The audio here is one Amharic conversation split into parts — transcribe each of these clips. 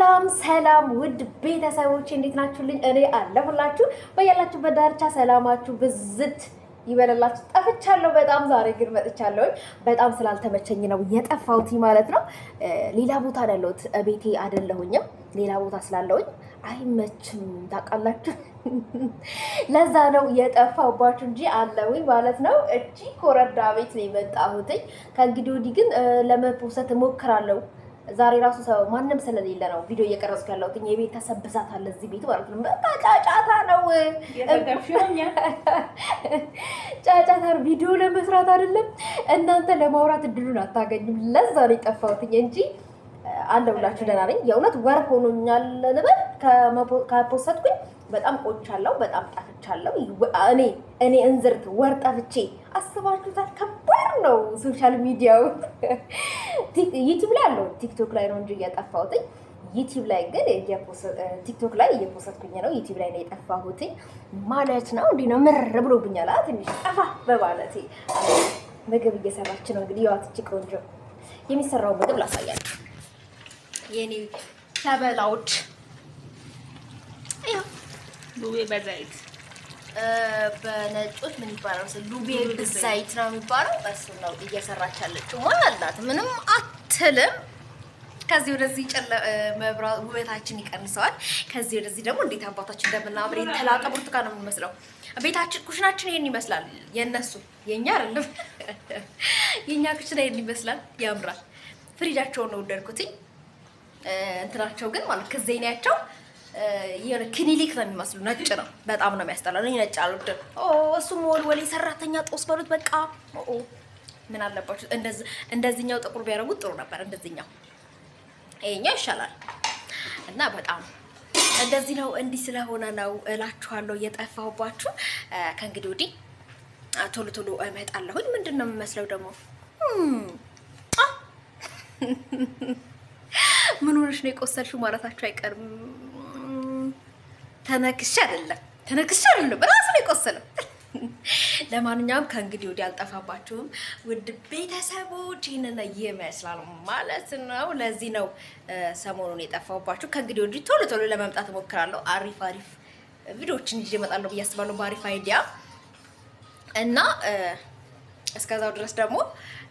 ሰላም ሰላም ውድ ቤተሰቦች እንዴት ናችሁልኝ? እኔ አለሁላችሁ። በያላችሁበት ዳርቻ ሰላማችሁ ብዝት ይበለላችሁ። ጠፍቻለሁ በጣም ዛሬ ግን መጥቻለሁኝ። በጣም ስላልተመቸኝ ነው የጠፋሁት ማለት ነው። ሌላ ቦታ አይደለሁት፣ ቤቴ አይደለሁኝም። ሌላ ቦታ ስላለሁኝ አይመችም፣ ታውቃላችሁ። ለዛ ነው የጠፋባችሁ እንጂ አለሁኝ ማለት ነው። እቺ ኮረዳ ቤት ነው የመጣሁትኝ። ከእንግዲህ ወዲህ ግን ለመፖሰት እሞክራለሁ ዛሬ ራሱ ሰው ማንም ስለሌለ ነው ቪዲዮ እየቀረጽኩ ያለሁት። የቤት ተሰብሳት አለ እዚህ ቤት ማለት ነው። በቃ ጫጫታ ነው፣ ጫጫታ ቪዲዮ ለመስራት አይደለም። እናንተ ለማውራት እድሉን አታገኙም። ለዛ ነው የጠፋሁት እንጂ አለሁላችሁ። ደህና ነኝ። የእውነት ወር ሆኖኛል ልበል ከፖሰትኩኝ በጣም ቆይቻለሁ፣ በጣም ጠፍቻለሁ። እኔ እኔ እንዝርት ወር ጠፍቼ አስባችሁታል? ከባድ ነው። ሶሻል ሚዲያው ዩቲብ ላይ አለው፣ ቲክቶክ ላይ ነው እንጂ እያጠፋሁትኝ ዩቲብ ላይ ግን ቲክቶክ ላይ እየፖሰትኩኝ ነው። ዩቲብ ላይ ነው የጠፋሁትኝ ማለት ነው። እንዲህ ነው ምር ብሎብኛል። ትንሽ ጠፋ በማለት ምግብ እየሰራች ነው እንግዲህ የዋትች ቆንጆ የሚሰራው ምግብ ላሳያችሁ የኔ ተበላዎች ሉቤ በዘይት በነጮች ምን ይባላል? ሉቤ በዘይት ነው የሚባለው። እሱ ነው እየሰራች ያለችው። ማን አላት? ምንም አትልም። ከዚህ ወደዚህ መብራት ውበታችን ይቀንሰዋል። ከዚህ ወደዚህ ደግሞ እንዴት አባታችን እንደምናምር የተላጠ ብርቱካን ነው የምንመስለው። ቤታችን ኩሽናችን ይሄን ይመስላል። የነሱ የኛ አይደለም፣ የኛ ኩሽና ይሄን ይመስላል። ያምራል። ፍሪጃቸውን ነው ወደድኩትኝ። እንትናቸው ግን ማለት ከዜናቸው የሆነ ክኒሊክ ነው የሚመስሉ ነጭ ነው። በጣም ነው የሚያስጠላው። እኔ ነጭ አልወድም። እሱ ወሌ ሰራተኛ ጦስ በሉት በቃ። ምን አለባችሁ እንደዚህኛው ጥቁር ቢያደርጉት ጥሩ ነበር። እንደዚህኛው ይሄኛው ይሻላል እና በጣም እንደዚህ ነው። እንዲህ ስለሆነ ነው እላችኋለሁ እየጠፋሁባችሁ። ከእንግዲህ ወዲህ ቶሎ ቶሎ እመጣለሁኝ። ምንድን ነው የሚመስለው ደግሞ? ምን ሆነሽ ነው የቆሰልሽው ማለታችሁ አይቀርም። ተነክሼ አይደለም ተነክሼ አይደለም በራሱ ነው የቆሰለው። ለማንኛውም ከእንግዲህ ወዲህ አልጠፋባችሁም ውድ ቤተሰቦች፣ ይህንን ይመስላል ማለት ነው። ለዚህ ነው ሰሞኑን የጠፋሁባችሁ። ከእንግዲህ ወዲህ ቶሎ ቶሎ ለመምጣት እሞክራለሁ። አሪፍ አሪፍ ቪዲዮዎችን ይዤ እመጣለሁ ብዬ አስባለሁ በአሪፍ አይዲያ እና እስከዛው ድረስ ደግሞ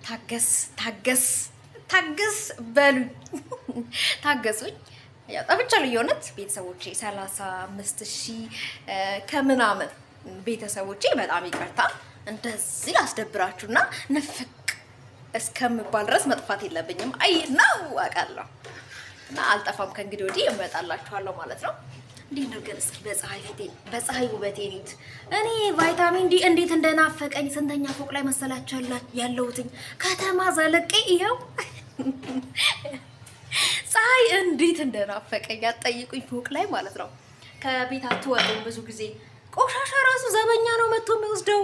ታገስ ታገስ ታገስ በሉኝ ታገሱኝ። ጠፍቻለሁ የእውነት ቤተሰቦቼ ሰላሳ አምስት ሺህ ከምናምን ቤተሰቦቼ በጣም ይቅርታ። እንደዚህ ላስደብራችሁና ንፍቅ እስከምባል ድረስ መጥፋት የለብኝም። አይ ነው አውቃለሁ እና አልጠፋም። ከእንግዲህ ወዲህ እመጣላችኋለሁ ማለት ነው። እንዴት ነው ግን እስኪ በፀሐይ ፊቴ በፀሐይ ውበቴ ኒት እኔ ቫይታሚን ዲ እንዴት እንደናፈቀኝ ስንተኛ ፎቅ ላይ መሰላችሁ ያለሁትኝ ከተማ ዘለቄ ይኸው ፀሐይ እንዴት እንደናፈቀኝ አትጠይቁኝ። ፎቅ ላይ ማለት ነው። ከቤት አትወጡም ብዙ ጊዜ ቆሻሻ ራሱ ዘበኛ ነው መጥቶ የሚወስደው።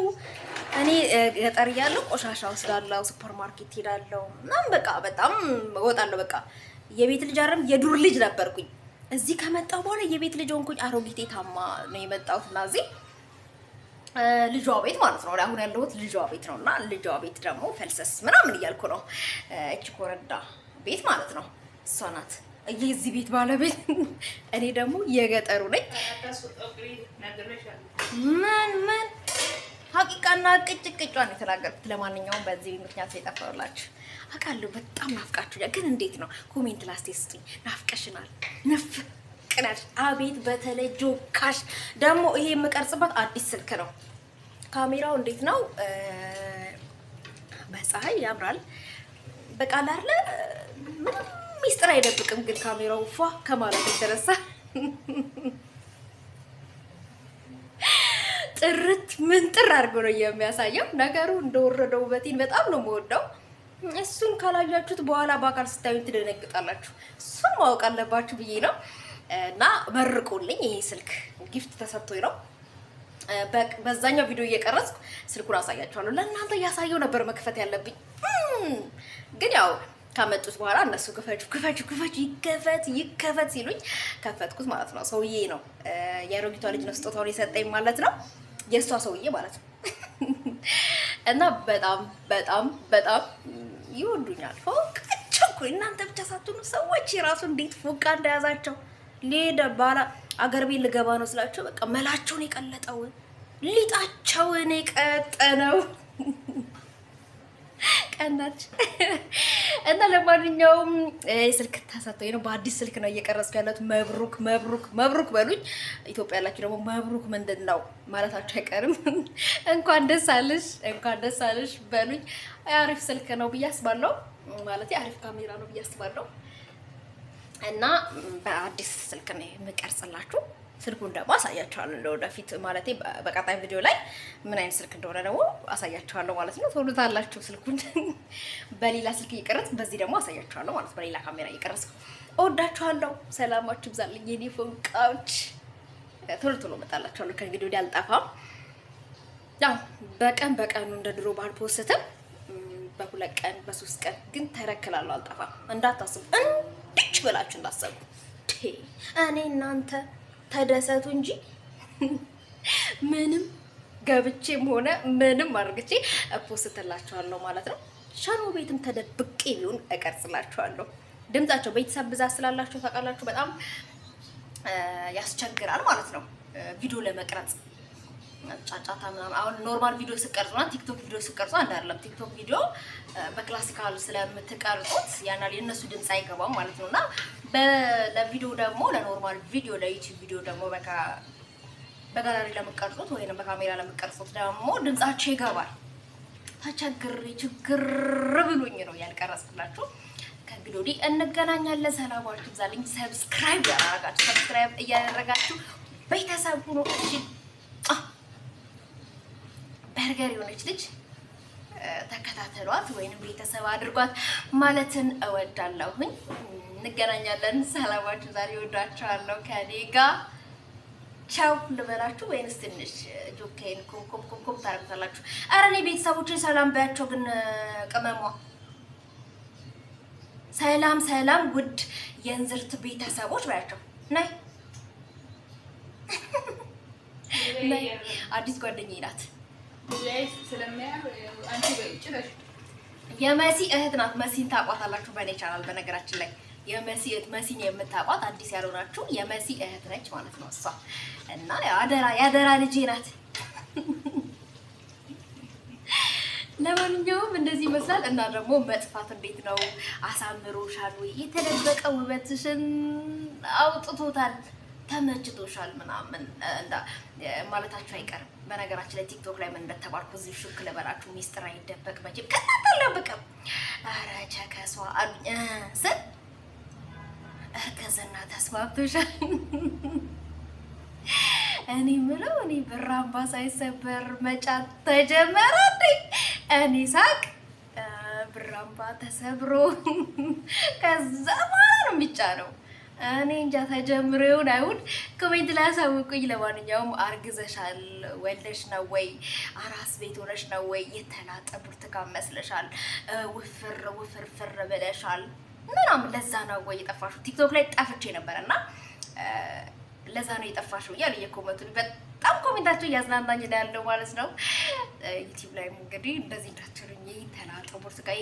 እኔ ገጠር እያለሁ ቆሻሻ ወስዳለሁ፣ ሱፐር ማርኬት ሄዳለሁ ምናምን በቃ በጣም እወጣለሁ። በቃ የቤት ልጅ አረም የዱር ልጅ ነበርኩኝ። እዚህ ከመጣሁ በኋላ የቤት ልጅ ሆንኩኝ። አሮጊቴ ታማ ነው የመጣሁት እና እዚህ ልጇ ቤት ማለት ነው። አሁን ያለሁት ልጇ ቤት ነው እና ልጇ ቤት ደግሞ ፈልሰስ ምናምን እያልኩ ነው። እች ኮረዳ ቤት ማለት ነው። እሷ ናት የዚህ ቤት ባለቤት። እኔ ደግሞ የገጠሩ ነኝ። ምን ምን ሀቂቃና ቅጭ ቅጫን የተናገርኩት። ለማንኛውም በዚህ ምክንያት የጠፈሩላችሁ አውቃለሁ። በጣም ናፍቃችሁ ግን እንዴት ነው? ኮሜንት ላስቴ ስጡኝ። ናፍቀሽናል ነፍ አቤት! በተለይ ጆካሽ ደግሞ ይሄ የምቀርጽበት አዲስ ስልክ ነው። ካሜራው እንዴት ነው? በፀሐይ ያምራል። በቃ አለ ምንም ሚስጥር አይደብቅም። ግን ካሜራው ፏ ከማለት የተነሳ ጥርት ምንጥር አድርጎ ነው የሚያሳየው ነገሩ። እንደወረደው ውበቴን በጣም ነው የምወደው። እሱን ካላያችሁት በኋላ በአካል ስታዩ ትደነግጣላችሁ። እሱን ማወቅ አለባችሁ ብዬ ነው። እና መርቆልኝ ይሄ ስልክ ጊፍት ተሰጥቶኝ ነው። በዛኛው ቪዲዮ እየቀረጽኩ ስልኩን አሳያችኋለሁ። ለእናንተ እያሳየው ነበር መክፈት ያለብኝ ግን ያው ካመጡት በኋላ እነሱ ክፈቹ ክፈቹ ክፈቹ ይከፈት ይከፈት ሲሉኝ ከፈትኩት ማለት ነው። ሰውዬ ነው የአሮጊቷ ልጅ ነው ስጦታውን የሰጠኝ ማለት ነው። የእሷ ሰውዬ ማለት ነው። እና በጣም በጣም በጣም ይወዱኛል። ፎቃቸው እናንተ ብቻ ሳትሆኑ ሰዎች የራሱ እንዴት ፎቃ እንደያዛቸው ሌደ ባላ አገር ቤት ልገባ ነው ስላቸው በቃ መላቸውን የቀለጠው ሊጣቸውን የቀጠነው ቀናች እና ለማንኛውም ስልክ ታሳተው ነው። በአዲስ ስልክ ነው እየቀረጽኩ ያለሁት። መብሩክ መብሩክ መብሩክ በሉኝ። ኢትዮጵያ ያላችሁ ደግሞ መብሩክ ምንድን ነው ማለታችሁ አይቀርም። እንኳን ደስ አለሽ፣ እንኳን ደስ አለሽ በሉኝ። አሪፍ ስልክ ነው ብዬ አስባለሁ፣ ማለት አሪፍ ካሜራ ነው ብዬ አስባለሁ። እና በአዲስ ስልክ ነው የምቀርጽላችሁ። ስልኩን ደግሞ አሳያቸዋለሁ ለወደፊት ማለት በቀጣይ ቪዲዮ ላይ ምን አይነት ስልክ እንደሆነ ደግሞ አሳያቸዋለሁ ማለት ነው። ተውሉታላችሁ ስልኩን በሌላ ስልክ እየቀረጽ በዚህ ደግሞ አሳያቸዋለሁ ማለት በሌላ ካሜራ እየቀረጽ እወዳችኋለሁ። ሰላማችሁ ብዛልኝ። የኔ ፎንቃዎች። ቶሎ ቶሎ እመጣላችኋለሁ። ከእንግዲህ ወዲያ አልጠፋም። ያው በቀን በቀኑ እንደ ድሮ ባልፖስትም በሁለት ቀን በሶስት ቀን ግን ተረክላለሁ። አልጠፋም እንዳታስቡ። እንድች ብላችሁ እንዳሰቡ እኔ እናንተ ተደሰቱ እንጂ ምንም ገብቼም ሆነ ምንም አድርግቼ ፖስትላችኋለሁ ማለት ነው። ሸኖ ቤትም ተደብቄ ቢሆን እቀርጽላችኋለሁ። ድምጻቸው ቤተሰብ ብዛት ስላላቸው ታውቃላችሁ፣ በጣም ያስቸግራል ማለት ነው ቪዲዮ ለመቅረጽ ጫጫታ ምናምን። አሁን ኖርማል ቪዲዮ ስቀርጹና ቲክቶክ ቪዲዮ ስቀርጹ አንድ አይደለም። ቲክቶክ ቪዲዮ በክላሲካል ስለምትቀርጹት ያናል የእነሱ ድምፅ አይገባም ማለት ነው እና ለቪዲዮ ደግሞ ለኖርማል ቪዲዮ ለዩቲዩብ ቪዲዮ ደግሞ በጋላሪ ለምቀርጹት ወይም በካሜራ ለምቀርጹት ደግሞ ድምጻቸው ይገባል። ተቸግር ችግር ብሎኝ ነው ያልቀረጽላችሁ። ከእንግዲህ ወዲህ እንገናኛለን። ሰላማችሁ ይብዛልኝ። ሰብስክራይብ ያደረጋችሁ ሰብስክራይብ እያደረጋችሁ ቤተሰብ ሁኑ። እሺ በርገር የሆነች ልጅ ተከታተሏት ወይንም ቤተሰብ አድርጓት ማለትን እወዳለሁኝ። እንገናኛለን። ሰላማችሁ ዛሬ ወዳችኋለሁ። ከኔ ጋር ቻው ልበላችሁ ወይንስ ትንሽ ጆኬን ኮምኮም ኮምኮም ታረግታላችሁ። ኧረ እኔ ቤተሰቦችን ሰላም በያቸው። ግን ቅመሟ ሰላም ሰላም፣ ውድ የእንዝርት ቤተሰቦች በያቸው። ናይ አዲስ ጓደኛ ናት። የመሲ እህት ናት። መሲን ታቋታላችሁ በእኔ ቻናል። በነገራችን ላይ የመሲ እህት መሲን የምታቋት አዲስ ያልሆናችሁ የመሲ እህት ነች ማለት ነው እሷ እና አደራ ያደራ ልጄ ናት። ለማንኛውም እንደዚህ ይመስላል እና ደግሞ መጥፋት እንዴት ነው አሳምሮሻል ወይ የተደበቀ ውበትሽን አውጥቶታል። ተመችቶሻል ምናምን ማለታችሁ አይቀርም። በነገራችን ላይ ቲክቶክ ላይ ምን እንደተባልኩ እዚህ ሹክ ልበላችሁ፣ ሚስጥር አይደበቅ መቼም ከእናንተ አልደበቅም። ኧረ ቸከሷ አሉኝ ስል እርግዝና ተስማምቶሻል። እኔ ምለው እኔ ብር አምባ ሳይሰበር መጫት ተጀመረ። እኔ ሳቅ ብር አምባ ተሰብሮ ከዛ በኋላ ነው የሚጫነው እኔ እንጃ ተጀምሮ ይሁን አይሁን ኮሜንት ላይ አሳውቁኝ። ለማንኛውም አርግዘሻል ወለሽ ነው ወይ አራስ ቤት ሆነሽ ነው ወይ የተላጠ ብርቱካን መስለሻል፣ ውፍር ውፍርፍር ብለሻል ምናምን። ለዛ ነው ወይ የጠፋሽው? ቲክቶክ ላይ ጠፍቼ ነበር እና ለዛ ነው የጠፋሽው እያለ እየኮመቱ በጣም ኮሜንታቸው እያዝናናኝ ነው ያለው ማለት ነው። ዩቲዩብ ላይም እንግዲህ እንደዚህ እንዳትሉኝ የተላጠ ብርቱካን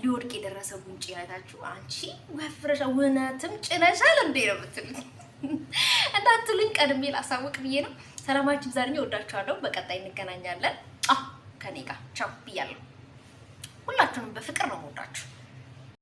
ሊወድቅ የደረሰ ጉንጭ ያታችሁ አንቺ ወፍረሻ ውነትም ጭነሻል እንዴ ነው የምትሉኝ እንዳትሉኝ ቀድሜ ላሳውቅ ብዬ ነው። ሰላማችን ዛሬ ወዳችኋለሁ። በቀጣይ እንገናኛለን። ከኔ ጋር ቻው ብያለሁ። ሁላችሁንም በፍቅር ነው ወዳችሁ።